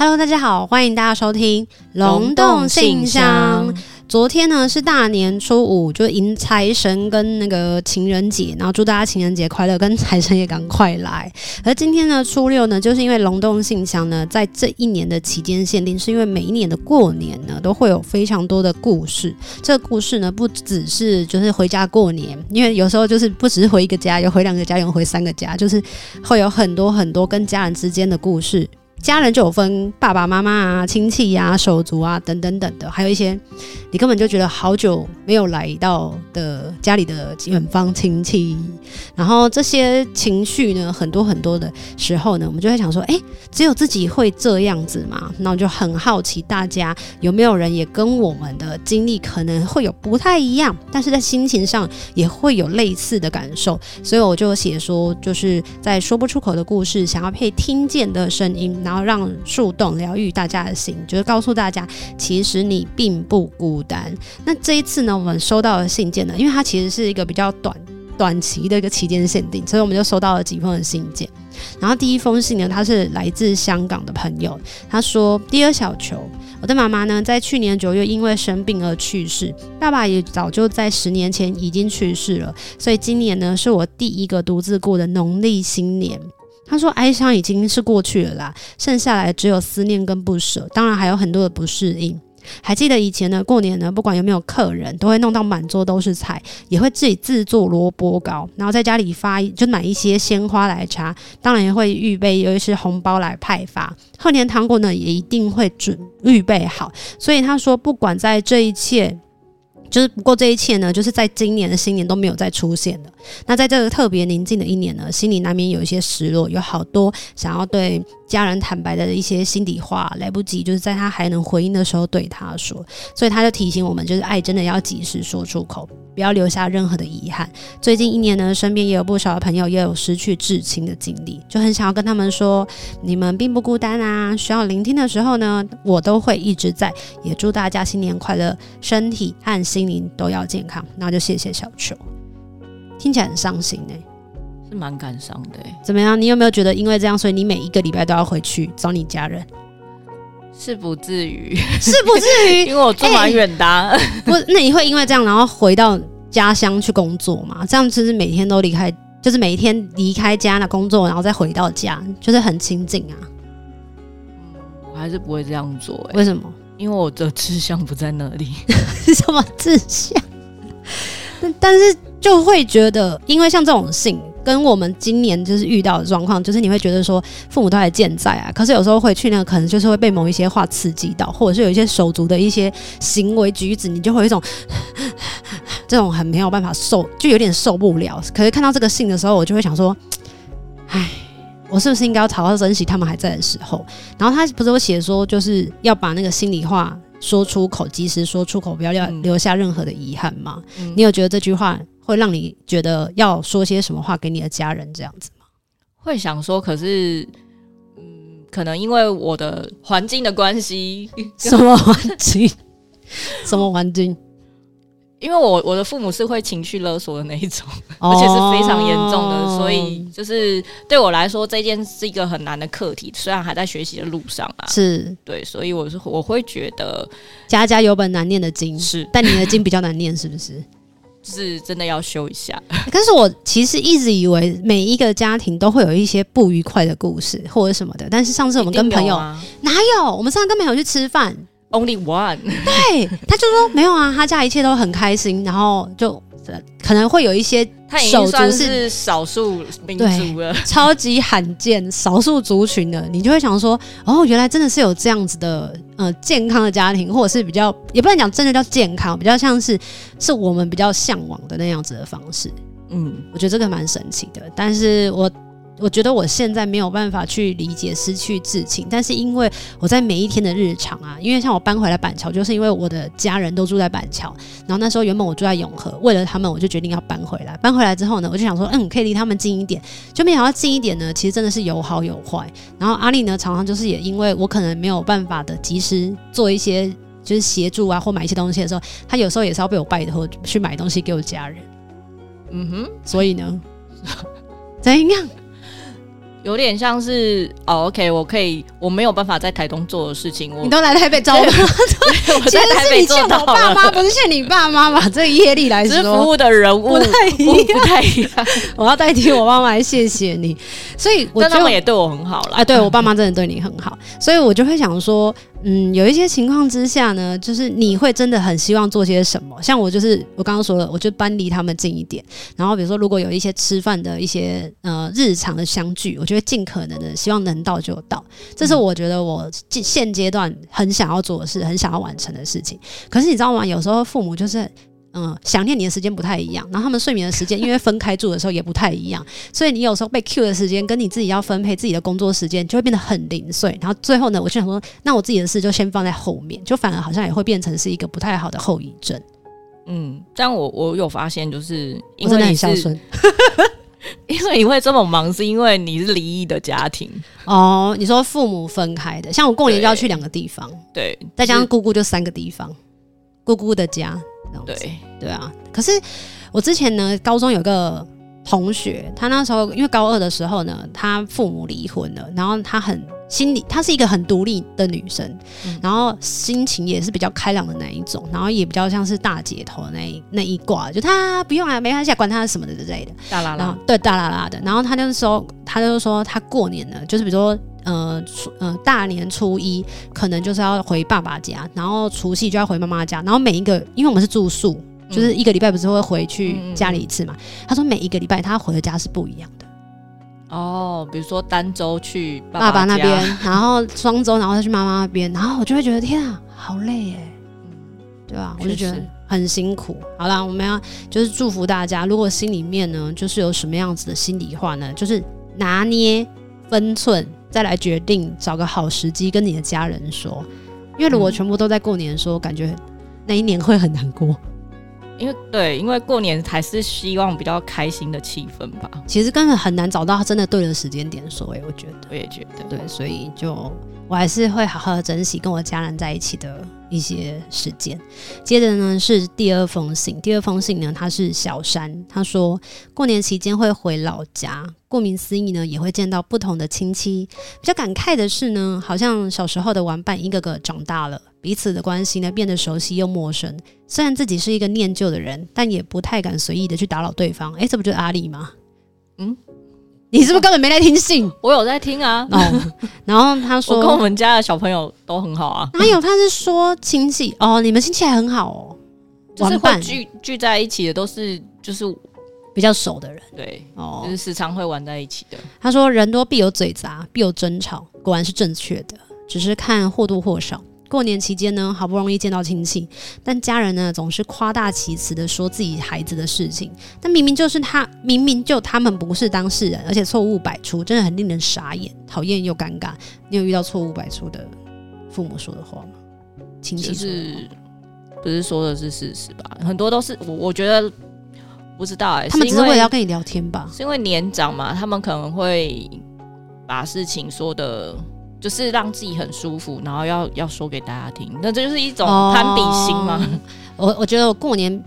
Hello，大家好，歡迎大家收聽《龍洞信箱》信箱。昨天呢是大年初五，就迎財神跟那個情人節，然後祝大家情人節快樂，跟財神也趕快來。而今天呢初六呢，就是因為《龍洞信箱》呢，在這一年的期間限定，是因為每一年的過年呢都會有非常多的故事。這個故事呢，不只是就是回家過年，因為有時候就是不只是回一個家，有回兩個家，有回三個家，就是會有很多很多跟家人之間的故事。家人就有分爸爸媽媽啊、親戚呀、啊、手足啊等等等等的，還有一些你根本就覺得好久沒有來到的家裡的遠方親戚。然後這些情緒呢，很多很多的時候呢，我們就會想說：哎，只有自己會這樣子嘛。那我就很好奇，大家有沒有人也跟我們的經歷可能會有不太一樣，但是在心情上也會有類似的感受。所以我就寫說，就是在說不出口的故事，想要配聽見的聲音。然後讓樹洞療癒大家的心，就是告訴大家，其實你並不孤單。那這一次呢，我們收到的信件呢，因為它其實是一個比較短、短期的一個期間限定，所以我們就收到了幾封的信件。然後第一封信呢，它是來自香港的朋友，他說：“Dear 小球，我的媽媽呢，在去年九月因為生病而去世，爸爸也早就在十年前已經去世了，所以今年呢，是我第一個獨自過的農曆新年。”他說：“哀傷已經是過去了啦，剩下來只有思念跟不捨，當然還有很多的不適應。還記得以前呢，過年呢，不管有沒有客人都會弄到滿桌都是菜，也會自己製作蘿蔔糕，然後在家裡發就買一些鮮花來插，當然也會預備有一些紅包來派發。賀年糖果呢，也一定會準預備好。所以他說，不管在這一切。”就是不過這一切呢，就是在今年的新年都沒有再出現的。那在這個特別寧靜的一年呢，心裡難免有一些失落，有好多想要對家人坦白的一些心底話，來不及就是在他還能回應的時候對他說。所以他就提醒我們，就是愛真的要及時說出口，不要留下任何的遺憾。最近一年呢，身邊也有不少的朋友也有失去至親的經歷，就很想要跟他們說，你們並不孤單啊。需要聆聽的時候呢，我都會一直在。也祝大家新年快樂，身體和心。心靈都要健康，那就謝謝小球。聽起來很傷心呢、欸，是蠻感傷的、欸。怎麼樣？你有沒有覺得因為這樣，所以你每一個禮拜都要回去找你家人？是不至於，是不至於，因為我住蠻遠的。不，那你會因為這樣，然後回到家鄉去工作嗎？這樣就是每天都離開，就是每一天離開家的工作，然後再回到家，就是很清靜啊。我還是不會這樣做、欸，為什麼？因為我的志向，不在那裡 ，什麼志向？但，但是就會覺得，因為像這種信，跟我們今年就是遇到的狀況，就是你會覺得說，父母都還健在啊。可是有時候回去呢，可能就是會被某一些話刺激到，或者是有一些手足的一些行為舉止，你就會有一種這種很沒有辦法受，就有點受不了。可是看到這個信的時候，我就會想說，唉。我是不是應該要好好珍惜他們還在的時候？然後他不是有寫說，就是要把那個心裡話說出口，及時說出口，不要要留下任何的遺憾嗎？嗯。你有覺得這句話會讓你覺得要說些什麼話給你的家人這樣子嗎？會想說，可是，嗯，可能因為我的環境的關係， 什麼環環境？ 什麼環境？因為我我的父母是會情緒勒索的那一種，哦、而且是非常嚴重的，所以就是對我來說，這件是一個很難的課題。雖然還在學習的路上啊，是對，所以我是我會覺得家家有本難念的經，是，但你的經比較難念，是不是？是真的要修一下。但是我其實一直以為每一個家庭都會有一些不愉快的故事或者什麼的，但是上次我們跟朋友有、啊、哪有？我們上次跟朋友去吃飯。Only one， 對，他就說沒有啊，他家一切都很開心，然後就可能會有一些手足，他已經算是少數民族了，超級罕見 少數族群的，你就會想說，哦，原來真的是有這樣子的，呃，健康的家庭，或者是比較也不能講真的叫健康，比較像是是我們比較嚮往的那樣子的方式，嗯，我覺得這個蠻神奇的，但是我。我覺得我現在沒有辦法去理解失去至親，但是因為我在每一天的日常啊，因為像我搬回來板橋，就是因為我的家人都住在板橋，然後那時候原本我住在永和，為了他們，我就決定要搬回來。搬回來之後呢，我就想說，嗯，可以離他們近一點。就沒想到近一點呢，其實真的是有好有壞。然後阿立呢，常常就是也因為我可能沒有辦法的及時做一些就是協助啊，或買一些東西的時候，她有時候也是要被我拜托去買東西給我家人。嗯哼，所以呢，怎樣？有點像是、哦、，OK，我可以，我沒有辦法在台東做的事情，你都來台北找我媽媽對，對，我在台北做到了。不是你欠我爸媽，不是欠你爸媽嘛，這個、業力來說，只服務的人物，不太一樣。一樣 我要代替我爸媽來謝謝你，所以我，我他們也對我很好了。啊、對我爸媽真的對你很好，所以我就會想說。嗯，有一些情況之下呢，就是你會真的很希望做些什麼。像我就是我剛剛說了，我就搬離他們近一點。然後比如說，如果有一些吃飯的一些呃日常的相聚，我就會盡可能的希望能到就到。這是我覺得我近現階段很想要做的事，很想要完成的事情。可是你知道嗎？有時候父母就是。嗯，想念你的時間不太一樣，然後他們睡眠的時間，因為分開住的時候也不太一樣， 所以你有時候被 cue 的時間，跟你自己要分配自己的工作時間，就會變得很零碎。然後最後呢，我就想說，那我自己的事就先放在後面，就反而好像也會變成是一個不太好的後遺症。嗯，但我我有發現，就是因為你是我真的很孝順， 因為你會這麼忙，是因為你是離異的家庭哦。你說父母分開的，像我過年就要去兩個地方，對，再加上姑姑就三個地方，就是、姑姑的家。對對啊，可是我之前呢，高中有個同學，他那時候因為高二的時候呢，他父母離婚了，然後他很。心裡，她是一個很獨立的女生，嗯，然後心情也是比較開朗的那一種，然後也比較像是大姐頭那一那一掛，就她不用啊，沒關係啊，管她什麼的之類的。大啦啦，對大啦啦的。然後她就是說，她就說她過年了，就是比如說呃初呃大年初一可能就是要回爸爸家，然後除夕就要回媽媽家，然後每一個因為我們是住宿，就是一個禮拜不是會回去家裡一次嘛？她說每一個禮拜她回的家是不一樣的。哦，比如說單周去爸爸，爸，爸那邊， 然後雙周，然後再去媽媽那邊，然後我就會覺得天啊，好累耶，嗯，對吧？我就覺得很辛苦。好啦，我們要就是祝福大家，如果心裡面呢，就是有什麼樣子的心裡話呢，就是拿捏分寸，再來決定找個好時機跟你的家人說，因為如果全部都在過年的時候，感覺那一年會很難過。因為對，因為過年還是希望比較開心的氣氛吧。其實根本很難找到他真的對的時間點，欸，所以我覺得，我也覺得對，所以就我還是會好好的珍惜跟我家人在一起的。一些事件，接着呢是第二封信。第二封信呢，他是小山，他說過年期間會回老家。顧名思義呢，也會見到不同的親戚。比較感慨的是呢，好像小時候的玩伴一個個長大了，彼此的關係呢變得熟悉又陌生。雖然自己是一個念舊的人，但也不太敢隨意的去打擾對方。誒、欸，這不就是阿立嗎？嗯。你是不是根本沒在聽信，哦？我有在聽啊。哦、然後他說， 我跟我們家的小朋友都很好啊。哪有，他是說親戚哦，你們親戚還很好哦。就是會聚聚在一起的，都是就是比較熟的人，對，哦，就是時常會玩在一起的。哦、他說，人多必有嘴雜，必有爭吵，果然是正確的，只是看或多或少。過年期間呢，好不容易見到親戚，但家人呢總是誇大其詞地說自己孩子的事情，但明明就是他，明明就他們不是當事人，而且錯誤百出，真的很令人傻眼，討厭又尷尬。你有遇到錯誤百出的父母說的話嗎？親戚是不是說的是事實吧？很多都是我我覺得不知道哎、欸，他們只是為了要跟你聊天吧？是因為年長嘛，他們可能會把事情說得。就是讓自己很舒服，然後要要說給大家聽，那這就是一種攀比心嘛。Oh, 我我覺得我過年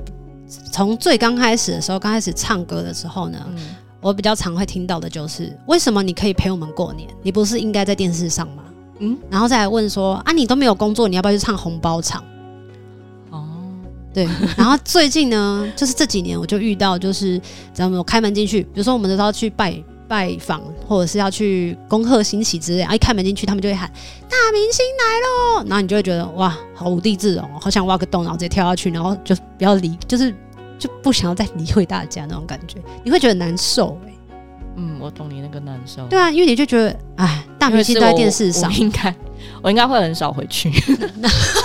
從最剛開始的時候，剛開始唱歌的時候呢、嗯，我比較常會聽到的就是，為什麼你可以陪我們過年？你不是應該在電視上嗎？嗯，然後再來問說啊，你都沒有工作，你要不要去唱紅包場？哦、oh.，對。然後最近呢， 就是這幾年我就遇到，就是怎麼我開門進去，比如說我們都要去拜。拜訪或者是要去恭賀新禧之類啊，一開門進去，他們就會喊大明星來嘍，然後你就會覺得哇，好無地自容，好想挖個洞，然後直接跳下去，然後就不要理，就是就不想要再理會大家那種感覺，你會覺得難受、欸、嗯，我懂你那個難受。對啊，因為你就覺得哎，大明星都在電視上，應該我，我應該會很少回去。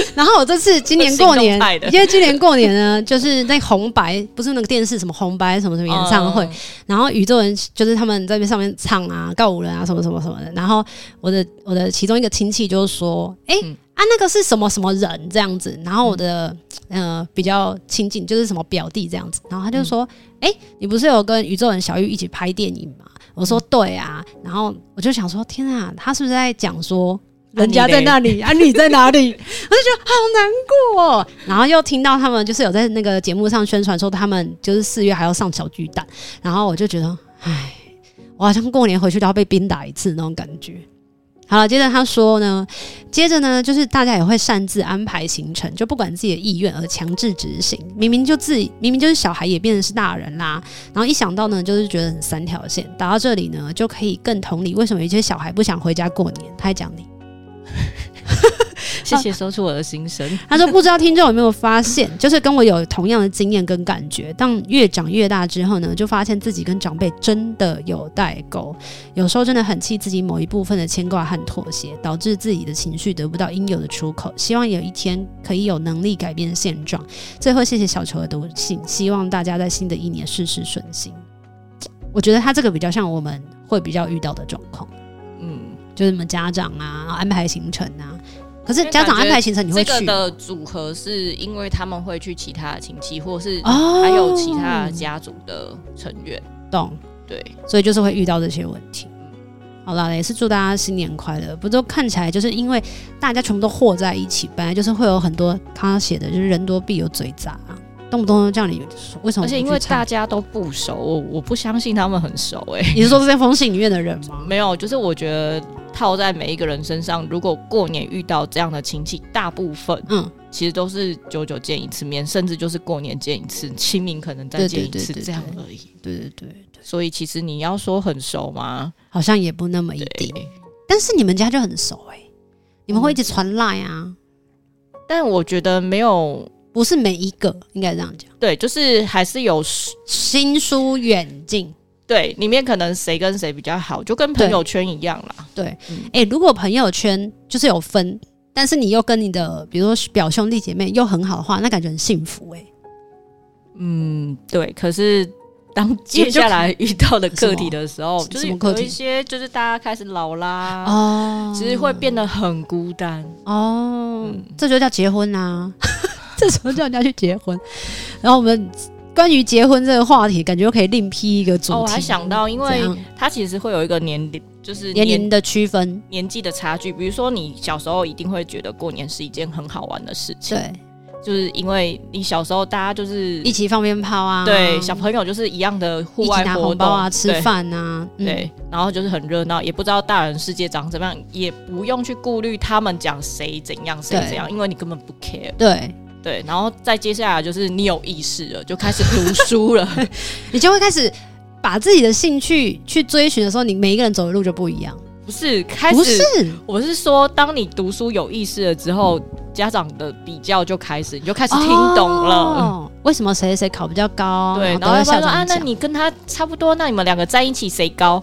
然後我這次今年過年，因為今年過年呢， 就是那紅白不是那個電視什麼紅白什麼什麼演唱會，嗯，然後宇宙人就是他們在那上面唱啊，告五人啊什麼什麼什麼的。然後我的我的其中一個親戚就說：“哎、欸嗯、啊，那個是什麼什麼人這樣子？”然後我的、嗯、呃比較親近就是什麼表弟這樣子，然後他就說：“哎、嗯欸，你不是有跟宇宙人小玉一起拍電影嗎？”我說：“對啊。嗯”然後我就想說：“天啊，他是不是在講說？”人家在那裡啊你，啊你在哪裡？ 我就覺得好難過哦。然後又聽到他們就是有在那個節目上宣傳說他們就是四月還要上小巨蛋，然後我就覺得，唉，我好像過年回去都要被鞭打一次那種感覺。好了，接着他說呢，接着呢，就是大家也會擅自安排行程，就不管自己的意願而強制執行。明明就自己明明就是小孩也變成是大人啦。然後一想到呢，就是覺得很三條線，打到這裡呢，就可以更同理為什麼有些小孩不想回家過年。他還講你。 謝謝說出我的心聲、哦。哦、他說：“不知道聽眾有沒有發現，就是跟我有同樣的經驗跟感覺。當越長越大之後呢，就發現自己跟長輩真的有代溝，有時候真的很氣自己某一部分的牽掛和妥協，導致自己的情緒得不到應有的出口。希望有一天可以有能力改變現狀。”最後，謝謝小球的讀信，希望大家在新的一年事事順心。我覺得他這個比較像我們會比較遇到的狀況。就是什麼家長啊，安排行程啊。可是家長安排行程，你會去這個的組合是因為他們會去其他親戚，或者是啊，還有其他家族的成員。哦嗯、懂，對，所以就是會遇到這些問題。好了，也是祝大家新年快樂。不都看起來就是因為大家全部都和在一起，本來就是會有很多他寫的就是人多必有嘴雜、啊，動不動叫你為什麼？而且因為大家都不熟，我我不相信他們很熟、欸。哎，你是說是這封信裡面的人嗎？沒有，就是我覺得。套在每一個人身上，如果過年遇到這樣的親戚，大部分嗯，其實都是久久見一次面，甚至就是過年見一次，清明可能再見一次這樣而已。對對對。對對對對對對，所以其實你要說很熟嗎？好像也不那麼一定。但是你們家就很熟哎、欸，你們會一直傳賴啊、嗯。但我覺得沒有，不是每一個應該這樣講。對，就是還是有親疏遠近。對，裡面可能誰跟誰比較好，就跟朋友圈一樣啦。對，哎、欸，如果朋友圈就是有分，但是你又跟你的，比如說表兄弟姐妹又很好的話，那感覺很幸福哎、欸。嗯，對。可是當接下來遇到的課題的時候，就是有一些就是大家開始老啦，哦，其實會變得很孤單哦、嗯、哦。這就叫結婚啊？ 這什麼叫人家去結婚？ 然後我們。關於結婚這個話題，感覺可以另闢一個主題、哦、我還想到，因為他其實會有一個年齡，就是年齡的區分、年紀的差距。比如說，你小時候一定會覺得過年是一件很好玩的事情，就是因為你小時候大家就是一起放鞭炮啊，對，小朋友就是一樣的戶外活動一起拿紅包啊，吃飯啊對、嗯，對，然後就是很熱鬧，也不知道大人世界長怎麼樣，也不用去顧慮他們講誰怎樣誰怎樣，因為你根本不 care，對。對，然後再接下來就是你有意識了，就開始讀書了， 你就會開始把自己的興趣去追尋的時候，你每一個人走的路就不一樣。不是開始不是，我是說，當你讀書有意識了之後、嗯，家長的比較就開始，你就開始聽懂了、oh, 嗯、為什麼誰誰考比較高。對，然後就想說啊，那你跟他差不多，那你們兩個在一起誰高？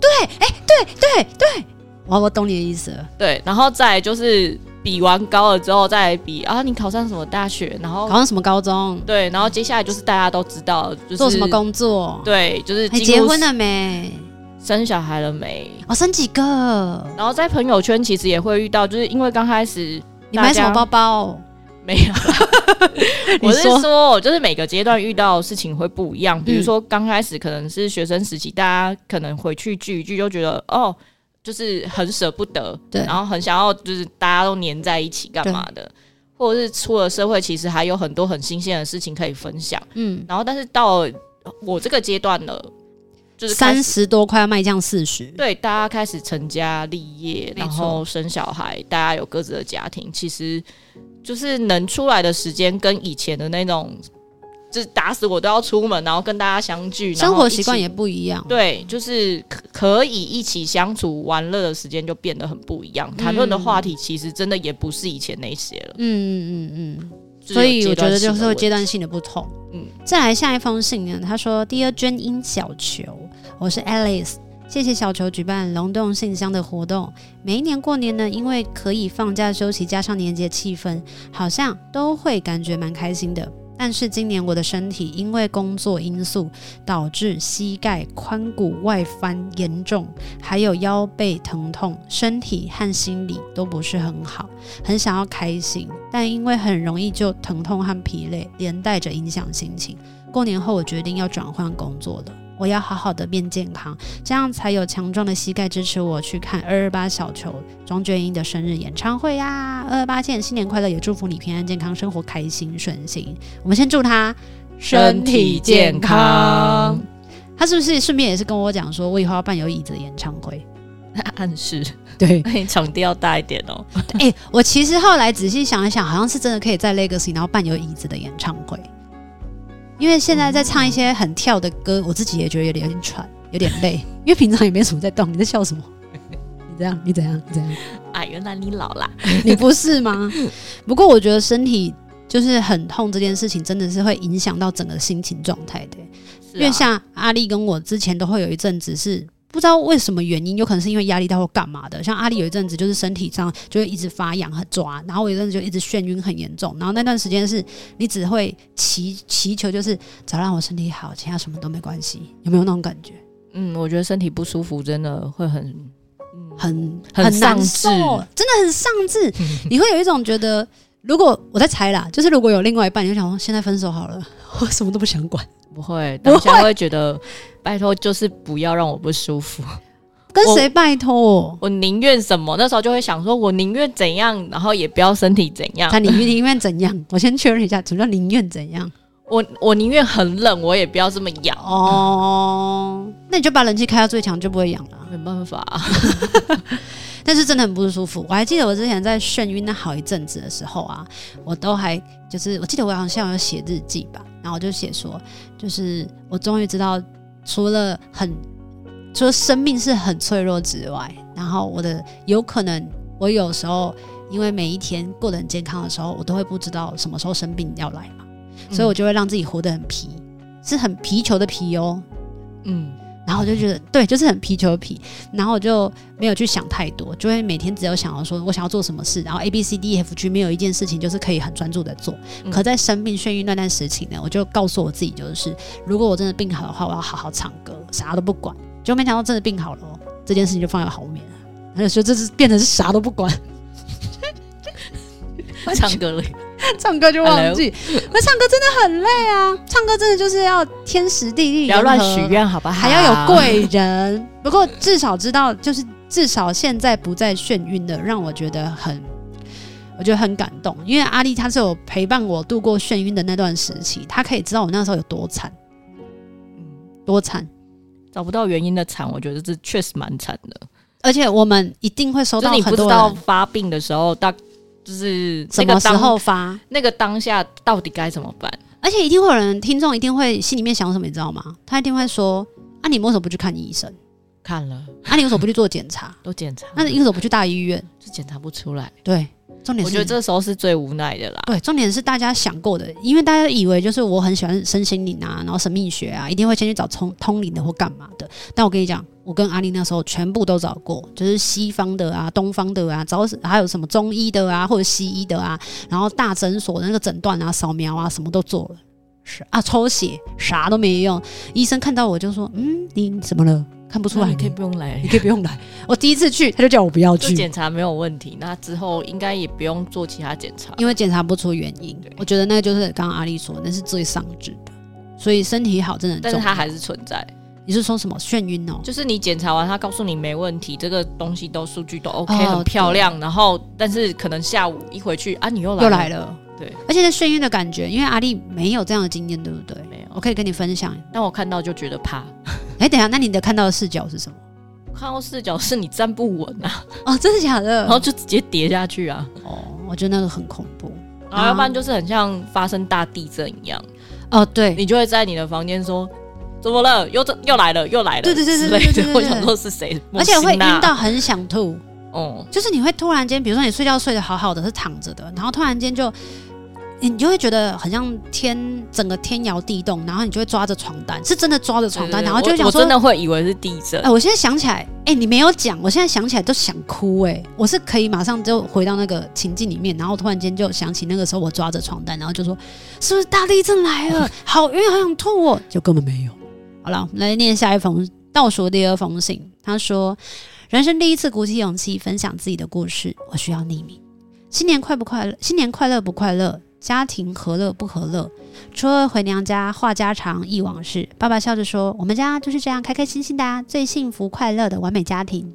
對，哎，對對對，我我懂你的意思了。對，然後再就是。比完高了之後再來比啊，你考上什麼大學，然後考上什麼高中，對，然後接下來就是大家都知道、就是、做什麼工作，對，就是結婚了沒？生小孩了沒？哦，生幾個？然後在朋友圈其實也會遇到，就是因為剛開始你買什麼包包？沒有， 我是說，就是每個階段遇到的事情會不一樣。嗯、比如說剛開始可能是學生時期，大家可能回去聚一聚就覺得哦。就是很捨不得，對，然後很想要，就是大家都黏在一起幹嘛的，或者是出了社會，其實還有很多很新鮮的事情可以分享，嗯，然後但是到我這個階段了，就是三十多，快要邁向四十，對，大家開始成家立業，然後生小孩，大家有各自的家庭，其實就是能出來的時間跟以前的那種。是打死我都要出門，然後跟大家相聚。生活習慣也不一樣。對，就是可可以一起相處玩樂的時間就變得很不一樣。談、嗯、論的話題其實真的也不是以前那些了。嗯嗯嗯嗯。所以我覺得就是會階段性的不同。嗯。再來下一封信呢？他說：“Dear 鵑瑛小球，我是 Alice。謝謝小球舉辦龍洞信箱的活動。每一年過年呢，因為可以放假休息，加上年節氣氛，好像都會感覺蠻開心的。”但是今年我的身體因為工作因素導致膝蓋、髖骨外翻嚴重，還有腰背疼痛，身體和心理都不是很好，很想要開心，但因為很容易就疼痛和疲累，連帶着影響心情。過年後我決定要轉換工作了。我要好好的變健康，這樣才有強壯的膝蓋支持我去看二二八小球莊鵑瑛的生日演唱會呀、啊！二二八見，新年快樂，也祝福你平安健康，生活開心順心。我們先祝他身體健康。健康，他是不是順便也是跟我講說，我以後要辦有椅子的演唱會？暗示，對，場地要大一點哦、喔 欸。我其實後來仔細想一想，好像是真的可以在 Legacy 然後辦有椅子的演唱會。因為現在在唱一些很跳的歌，我自己也覺得有點有點喘，有點累。因為平常也沒什麼在動。你在笑什麼？你怎樣？你怎樣？你怎樣？啊，原來你老了，你不是嗎？ 不過我覺得身體就是很痛這件事情，真的是會影響到整個心情狀態的、啊。因為像阿立跟我之前都會有一陣子是。不知道為什麼原因，有可能是因為壓力大或幹嘛的，像阿立有一陣子就是身體上就會一直發癢、和抓，然後我一陣子就一直眩暈，很嚴重。然後那段時間是，你只會祈、祈求，就是只要讓我身體好，其他什麼都沒關係。有沒有那種感覺？嗯，我覺得身體不舒服真的會很、嗯、很很難受，很喪志，真的很喪志。 你會有一種覺得，如果我在猜啦，就是如果有另外一半，你就想說現在分手好了，我什麼都不想管。不會，但我會覺得，拜託就是不要讓我不舒服。跟誰拜託？我，我寧願什麼？那時候就會想說，我寧願怎樣，然後也不要身體怎樣。他寧願怎樣？ 我先確認一下，什麼叫寧願怎樣？我我寧願很冷，我也不要這麼癢哦。Oh, 那你就把冷氣開到最強，就不會癢了。沒辦法啊， 但是真的很不舒服。我還記得我之前在眩暈那好一陣子的時候啊，我都還就是我記得我好像有寫日記吧，然後我就寫說，就是我終於知道，除了很，除了生命是很脆弱之外，然後我的有可能，我有時候因為每一天過得很健康的時候，我都會不知道什麼時候生病要來嘛。所以我就會讓自己活得很皮，嗯，是很皮球的皮哦，嗯，然後我就覺得對，就是很皮球的皮，然後我就沒有去想太多，就會每天只有想要說我想要做什麼事，然後 A B C D F G 沒有一件事情就是可以很專注的做，嗯。可在生病眩暈那段時期呢，我就告訴我自己，就是如果我真的病好的話，我要好好唱歌，啥都不管。就沒想到真的病好了，哦，這件事情就放在後面了。所以這是變成是啥都不管，唱 歌了。 唱歌就忘記，Hello? 那唱歌真的很累啊！唱歌真的就是要天時地利，不要亂許願，好吧？還要有貴人。 不過至少知道，就是至少現在不再眩暈的，讓我覺得很，我覺得很感動。因為阿立她是有陪伴我度過眩暈的那段時期，她可以知道我那時候有多慘，嗯，多慘，找不到原因的慘。我覺得這確實蠻慘的，而且我們一定會收到很多。就是、你不知道發病的時候大。就是個當什麼時候發？ 那個當下到底該怎麼辦？而且一定會有人，聽眾一定會心裡面想什麼，你知道嗎？他一定會說：“啊，你為什麼不去看醫生？看了，啊，你為什麼不去做檢查？ 都檢查，那、啊、你為什麼不去大醫院？ 就檢查不出來。”對。重點是我覺得這時候是最無奈的啦。對，重點是大家想過的，因為大家以為就是我很喜歡身心靈啊，然後神秘學啊，一定會先去找通通靈的或幹嘛的。但我跟你講，我跟阿立那時候全部都找過，就是西方的啊，東方的啊，找還有什麼中醫的啊，或者西醫的啊，然後大診所的那個診斷啊、掃描啊，什麼都做了，是啊，抽血啥都沒用。醫生看到我就說：“嗯，你怎麼了？”看不出來，你可以不用來，你可以不用來。 我第一次去，他就叫我不要去。檢查沒有問題，那之後應該也不用做其他檢查，因為檢查不出原因。我覺得那個就是剛剛阿立說，那是最喪志的，所以身體好真的。但是它還是存在。你是說什麼眩暈哦、喔？就是你檢查完，他告訴你沒問題，這個東西都數據都 OK，、哦、很漂亮。然後，但是可能下午一回去啊，你又又來了。對，而且是眩暈的感覺，因為阿立沒有這樣的經驗，對不對，對？沒有，我可以跟你分享。但我看到就覺得怕。 哎、欸，等一下，那你的看到的視角是什麼？我看到視角是你站不穩啊！哦，真的假的？然後就直接跌下去啊！哦，我覺得那個很恐怖，然後，然後要不然就是很像發生大地震一樣。哦，對，你就會在你的房間說：“怎麼了？又又來了，又來了！”對對對對對對對對，對，對， 我想說是誰？而且會暈到很想吐。哦、嗯，就是你會突然間，比如說你睡覺睡得好好的，是躺着的，然後突然間就。欸、你就會覺得好像天整個天搖地動，然後你就會抓着床單，是真的抓着床單對對對，然後就想說我我真的會以為是地震。哎、呃，我現在想起來，哎、欸，你沒有講，我現在想起來都想哭、欸。哎，我是可以馬上就回到那個情境裡面，然後突然間就想起那個時候我抓着床單，然後就說是不是大地震來了？嗯、好暈，好想吐哦。就根本沒有。好了，來念下一封倒數第二封信。他說：“人生第一次鼓起勇氣分享自己的故事，我需要匿名。新年快不快樂？新年快樂不快樂？”家庭和樂不和樂？初二回娘家，話家常憶往事。爸爸笑着說：“我們家就是這樣開開心心的啊，最幸福快樂的完美家庭。”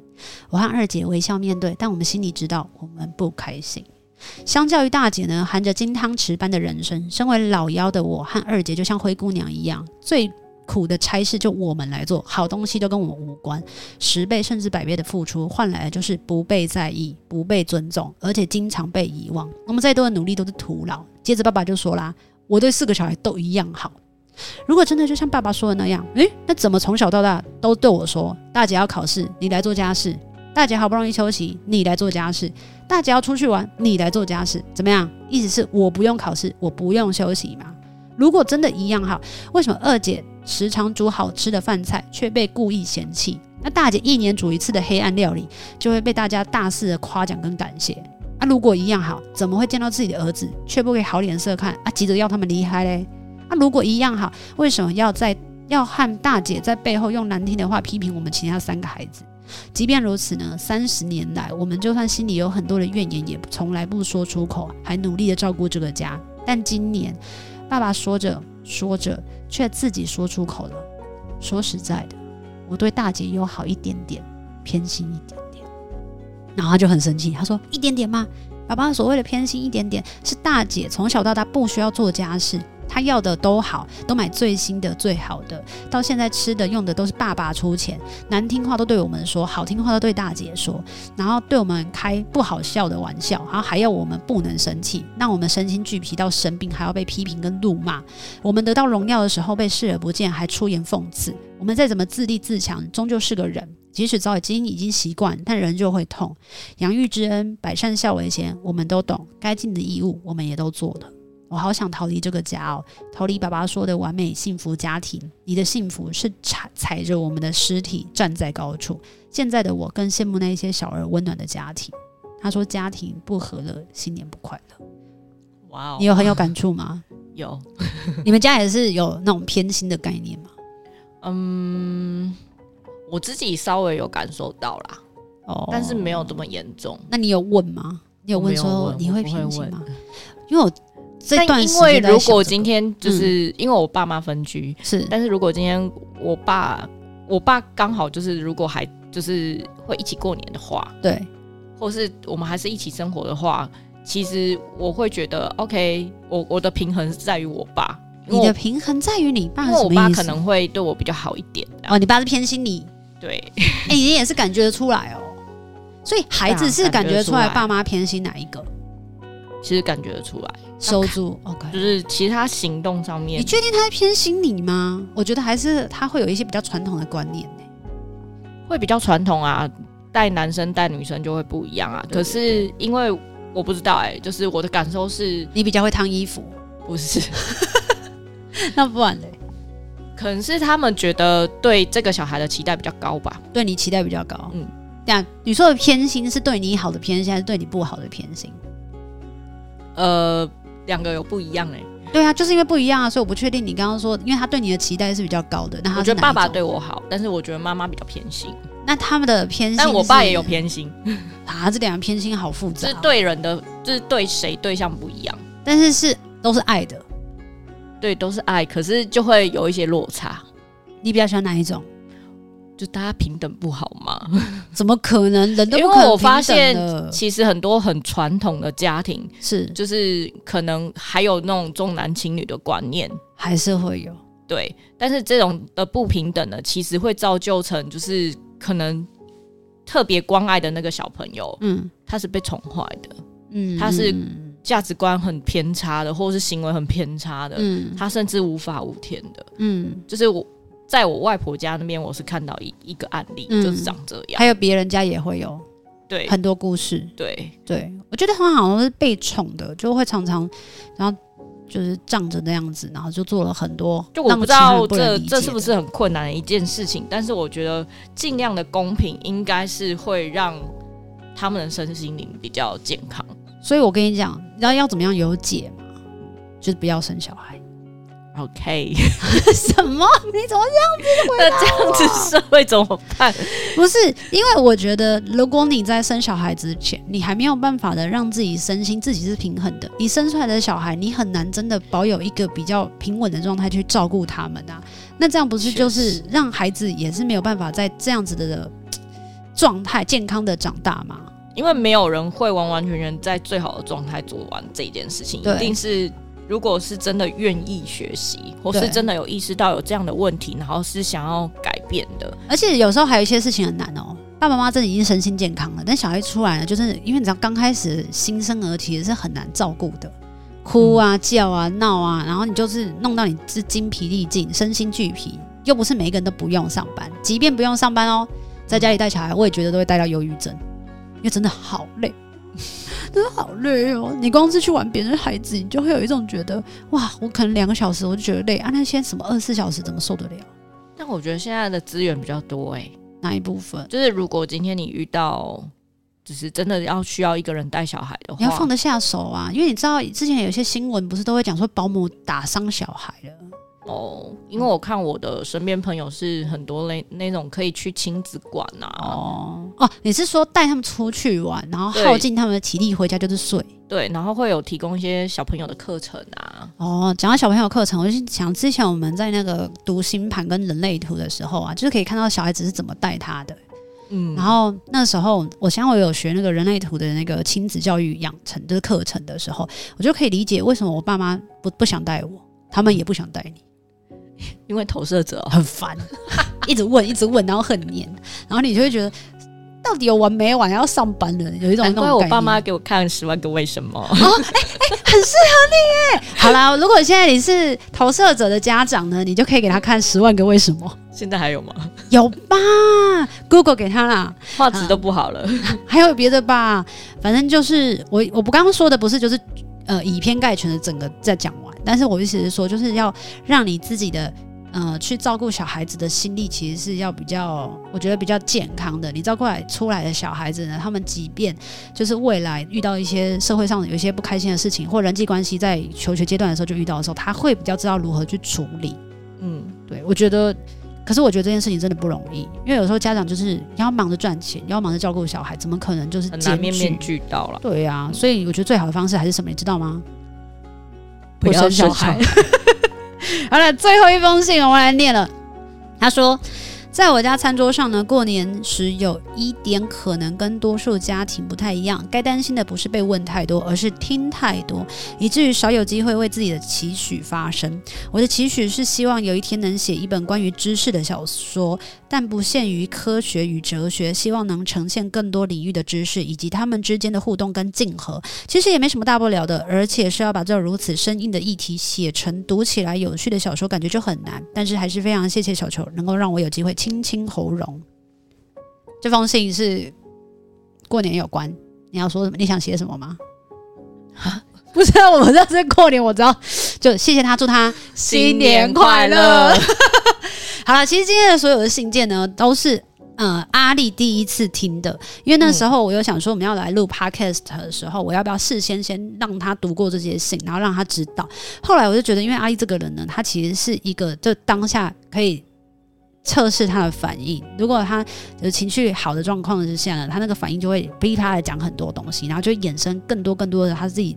我和二姐微笑面對，但我們心裡知道我們不開心。相較於大姐呢，含着金湯匙般的人生，身為老幺的我和二姐就像灰姑娘一樣，最苦的差事就我們來做，好東西都跟我們無關。十倍甚至百倍的付出換來的就是不被在意、不被尊重，而且經常被遺忘。我們再多的努力都是徒勞。接着爸爸就說啦：“我對四個小孩都一樣好。如果真的就像爸爸說的那樣，誒，那怎麼從小到大都對我說，大姐要考試，你來做家事；大姐好不容易休息，你來做家事；大姐要出去玩，你來做家事。怎麼樣？意思是我不用考試，我不用休息嗎？如果真的一樣好，為什麼二姐時常煮好吃的飯菜卻被故意嫌棄？那大姐一年煮一次的黑暗料理就會被大家大肆的誇獎跟感謝？”那、啊、如果一樣好，怎麼會見到自己的兒子卻不給好臉色看啊？急着要他們離開嘞？那、啊、如果一樣好，為什麼要在要和大姐在背後用難聽的話批評我們其他三個孩子？即便如此呢，三十年來，我們就算心裡有很多的怨言，也從來不說出口，還努力的照顧這個家。但今年，爸爸說着說着，卻自己說出口了。說實在的，我對大姐有好一點點，偏心一點。然後他就很生氣，他說：“一點點嘛，爸爸所謂的偏心一點點，是大姐從小到大不需要做家事，她要的都好，都買最新的最好的，到現在吃的用的都是爸爸出錢。難聽話都對我們說，好聽話都對大姐說，然後對我們開不好笑的玩笑，然後還要我們不能生氣，讓我們身心俱疲到生病，還要被批評跟怒罵。我們得到榮耀的時候被視而不見，還出言諷刺。我們再怎麼自立自強，終究是個人。”即使早已經已經習慣，但人就會痛。養育之恩，百善孝為先，我們都懂。該盡的義務，我們也都做了。我好想逃離這個家哦，逃離爸爸說的完美幸福家庭。你的幸福是踩踩着我們的屍體站在高處。現在的我更羨慕那一些小而溫暖的家庭。他說：“家庭不和樂，新年不快樂。”哇哦，你有很有感觸嗎？ 有。 你們家也是有那種偏心的概念嗎？嗯、um...。我自己稍微有感受到啦，哦、oh.，但是沒有這麼嚴重。那你有問嗎？有問，你有問說，你會平衡嗎？不會問？因為我這一段時，這個，因為如果今天就是，嗯、因為我爸媽分居是，但是如果今天我爸我爸剛好就是如果還就是會一起過年的話，對，或是我們還是一起生活的話，其實我會覺得 OK，我我的平衡是在於我爸我，你的平衡在於你爸是，因為我爸可能會對我比較好一點哦、啊，oh, 你爸是偏心你。對、欸，你也是感覺得出來哦，所以孩子是感覺出來爸媽偏、啊、偏心哪一個？其實感覺得出來，收住 OK，就是其他行動上面，你確定他在偏心你嗎？我覺得還是他會有一些比較傳統的觀念、欸，會比較傳統啊，帶男生帶女生就會不一樣啊。對對對，可是因為我不知道、欸，哎，就是我的感受是，你比較會燙衣服，不是？ 那不然呢？可能是他們覺得對這個小孩的期待比較高吧，對你期待比較高，嗯，啊，你說的偏心是對你好的偏心還是對你不好的偏心？呃，兩個有不一樣誒、欸。對啊，就是因為不一樣啊，所以我不確定你剛剛說，因為他對你的期待是比較高的，那我覺得爸爸對我好，但是我覺得媽媽比較偏心。那他們的偏心是，但我爸也有偏心啊，這兩個偏心好複雜、啊，是對人的，就是對誰對象不一樣，但是是都是愛的。對，都是愛，可是就會有一些落差。你比較喜歡哪一種？就大家平等不好嗎？怎麼可能？人都不，因為我發現，其實很多很傳統的家庭是，就是可能還有那種重男輕女的觀念，還是會有。嗯，對，但是這種的不平等呢，其實會造就成就是可能特別關愛的那個小朋友，嗯，他是被寵壞的，嗯，他是。價值觀很偏差的，或者是行為很偏差的，嗯，他甚至無法無天的，嗯，就是我在我外婆家那邊，我是看到一一個案例，嗯、就是長這樣，還有別人家也會有，對，很多故事，對對，對，我覺得他們好像是被寵的，就會常常，然後就是仗着那樣子，然後就做了很多，就我不知道這這是不是很困難的一件事情，但是我覺得儘量的公平應該是會讓他們的身心靈比較健康。所以，我跟你講，你知道要怎麼樣有解嗎？就是不要生小孩。OK？ 什麼？你怎麼這樣子回答？這樣子社會怎麼辦？不是，因為我覺得，如果你在生小孩之前，你還沒有辦法的讓自己身心自己是平衡的，你生出來的小孩，你很難真的保有一個比較平穩的狀態去照顧他們啊。那這樣不是就是讓孩子也是沒有辦法在這樣子的狀態健康的長大嗎？因為沒有人會完完全全在最好的狀態做完這件事情，一定是如果是真的願意學習，或是真的有意識到有這樣的問題，然後是想要改變的。而且有時候還有一些事情很難哦。爸爸媽媽真的已經身心健康了，但小孩出來了，就是因為你知道剛開始新生兒其實是很難照顧的，哭啊、嗯、叫啊、鬧啊，然後你就是弄到你是精疲力盡、身心俱疲。又不是每一個人都不用上班，即便不用上班哦，在家裡帶小孩，我也覺得都會帶到憂鬱症。嗯因為真的好累，呵呵真的好累喔！你光是去玩別人的孩子，你就會有一種覺得哇，我可能兩個小時我就覺得累啊。那現在什麼二十四小時怎麼受得了？但我覺得現在的資源比較多欸。哪一部分？就是如果今天你遇到，就是真的要需要一個人帶小孩的話，你要放得下手啊！因為你知道之前有些新聞不是都會講說保姆打傷小孩的。哦，因為我看我的身邊朋友是很多類那種可以去親子館啊。哦哦，你、啊、是說帶他們出去玩，然後耗盡他們的體力，回家就是睡。對，然後會有提供一些小朋友的課程啊。哦，講到小朋友課程，我就想之前我們在那個讀星盤跟人類圖的時候啊，就是可以看到小孩子是怎麼帶他的。嗯，然後那時候我想我有學那個人類圖的那個親子教育養成的、就是、課程的時候，我就可以理解為什麼我爸媽不不想帶我，他們也不想帶你。因為投射者很煩，一直問，一直問，然後很黏， 然後你就會覺得到底有完沒完，要上班了，有一種那種感覺。難怪我爸媽給我看《十萬個為什麼》哦，哎、欸、哎、欸，很適合你哎。 好啦，如果現在你是投射者的家長呢，你就可以給他看《十萬個為什麼》。現在還有嗎？有吧，Google 給他啦，畫質都不好了。啊、還有別的吧？反正就是我，我不剛剛說的不是就是。呃，以偏概全的整個再講完，但是我意思是說，就是要讓你自己的，呃，去照顧小孩子的心力，其實是要比較，我覺得比較健康的。你照顧來出來的小孩子呢，他們即便就是未來遇到一些社會上有一些不開心的事情，或人際關係在求學階段的時候就遇到的時候，他會比較知道如何去處理。嗯，對，我覺得。可是我覺得這件事情真的不容易，因為有時候家長就是要忙着賺錢，要忙着照顧小孩，怎麼可能就是面面俱到了？對呀、啊嗯，所以我覺得最好的方式還是什麼，你知道嗎？不要生小孩。小孩 好了，最後一封信我們來念了，他說。在我家餐桌上呢，過年時有一點可能跟多數家庭不太一樣。該擔心的不是被問太多，而是聽太多，以至於少有機會為自己的期許發聲。我的期許是希望有一天能寫一本關於知識的小說。但不限於科學與哲學，希望能呈現更多領域的知識以及他們之間的互動跟競合。其實也沒什麼大不了的，而且是要把這如此生硬的議題寫成讀起來有趣的小說，感覺就很難。但是還是非常謝謝小球，能夠讓我有機會清清喉嚨。這封信是過年有關，你要說什麼？你想寫什麼嗎？不知道。我們在這過年，我知道就謝謝他，祝他新年快樂。 好了，其實今天的所有的信件呢，都是呃阿立第一次聽的。因為那時候，我又想說，我們要來錄 Podcast 的時候，嗯，我要不要事先先讓他讀過這些信，然後讓他知道。後來我就覺得，因為阿立這個人呢，他其實是一個，就當下可以測試他的反應。如果他有情緒好的狀況之下呢，他那個反應就會逼他來講很多東西，然後就會衍生更多更多的他自己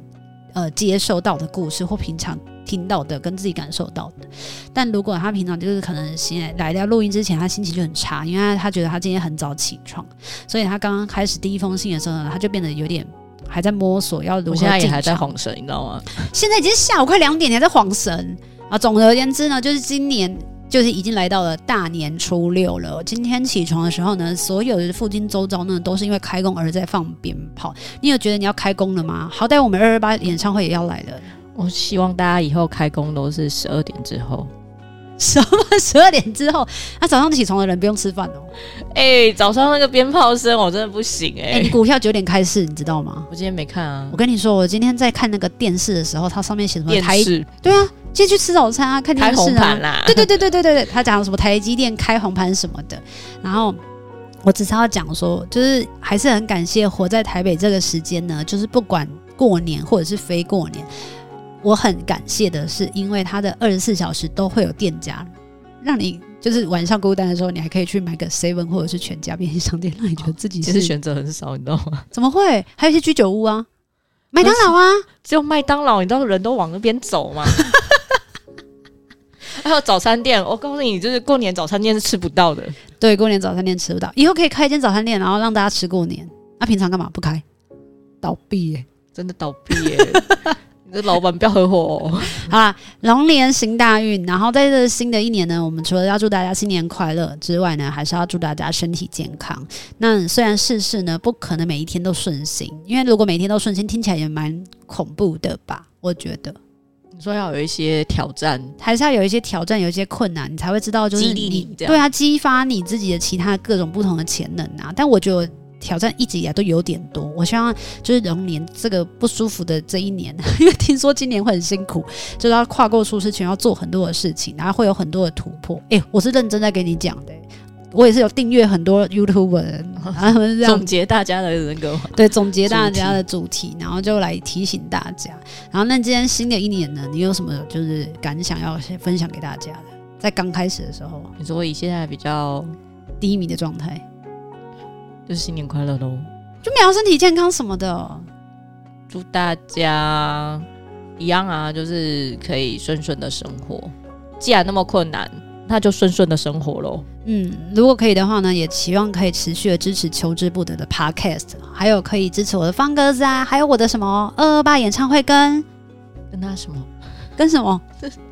呃接受到的故事或平常，聽到的跟自己感受到的，但如果他平常就是可能現在來到錄音之前，他心情就很差，因為他,他覺得他今天很早起床，所以他剛剛開始第一封信的時候呢，他就變得有點還在摸索要如何進場。我現在也還在晃神，你知道嗎？現在已經下午快兩點，你還在晃神啊？總而言之呢，就是今年就是已經來到了大年初六了。今天起床的時候呢，所有的附近周遭呢都是因為開工而在放鞭炮。你有覺得你要開工了嗎？好歹我們二二八演唱會也要來了。我希望大家以後開工都是十二點之後。什麼十二點之後？那、啊、早上起床的人不用吃飯哦。哎、欸，早上那個鞭炮聲，我真的不行哎、欸欸。你股票九點開市，你知道嗎？我今天沒看啊。我跟你說，我今天在看那個電視的時候，它上面寫什麼？電視？對啊，今天去吃早餐啊，看電視啊。對對、啊、對對對對對，他講什麼台積電開紅盤什麼的。然後我只是要講說，就是還是很感謝活在台北這個時間呢，就是不管過年或者是非過年。我很感謝的是，因為他的二十四小時都會有店家，讓你就是晚上孤單的時候，你還可以去買個 seven 或者是全家便利商店，讓你覺得自己是、哦、其實選擇很少，你知道嗎？怎麼會？還有一些居酒屋啊，麥當勞啊，只有麥當勞，你知道人都往那邊走嗎？ 還有早餐店，我告訴你，你就是過年早餐店是吃不到的。對，過年早餐店吃不到，以後可以開一間早餐店，然後讓大家吃過年。那、啊、平常幹嘛不開？倒閉耶、欸，真的倒閉耶、欸。 跟老闆不要很火哦！好啦， 龍年行大運，然後在這新的一年呢，我們除了要祝大家新年快樂之外呢，還是要祝大家身體健康。那雖然事事呢不可能每一天都順心，因為如果每一天都順心，聽起來也蠻恐怖的吧？我覺得你說要有一些挑戰，還是要有一些挑戰，有一些困難，你才會知道，就是你，你對啊，激發你自己的其他的各種不同的潛能啊。但我覺得。挑戰一直以來都有點多，我希望就是龍年這個不舒服的這一年，因為聽說今年會很辛苦，就是要跨過舒適圈，要做很多的事情，然後會有很多的突破。誒、欸，我是認真在跟你講的、欸，我也是有訂閱很多 YouTuber 的人，然後他們總結大家的人格，對，總結大家的主題，主題，然後就來提醒大家。然後那今天新的一年呢，你有什麼就是感想要先分享給大家的？在剛開始的時候，所以現在比較低迷的狀態。就是新年快樂嘍，就沒有身體健康什麼的，祝大家一樣啊，就是可以順順的生活。既然那麼困難，那就順順的生活嘍。嗯，如果可以的話呢，也希望可以持續的支持求之不得的 Podcast，還有可以支持我的方格子啊，還有我的什麼二二八演唱會跟跟他什麼跟什麼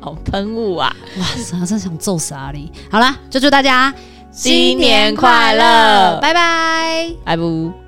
哦 噴霧啊，哇塞，真想揍死阿、啊、立。好啦，就祝大家。新年快樂，拜拜，拜拜。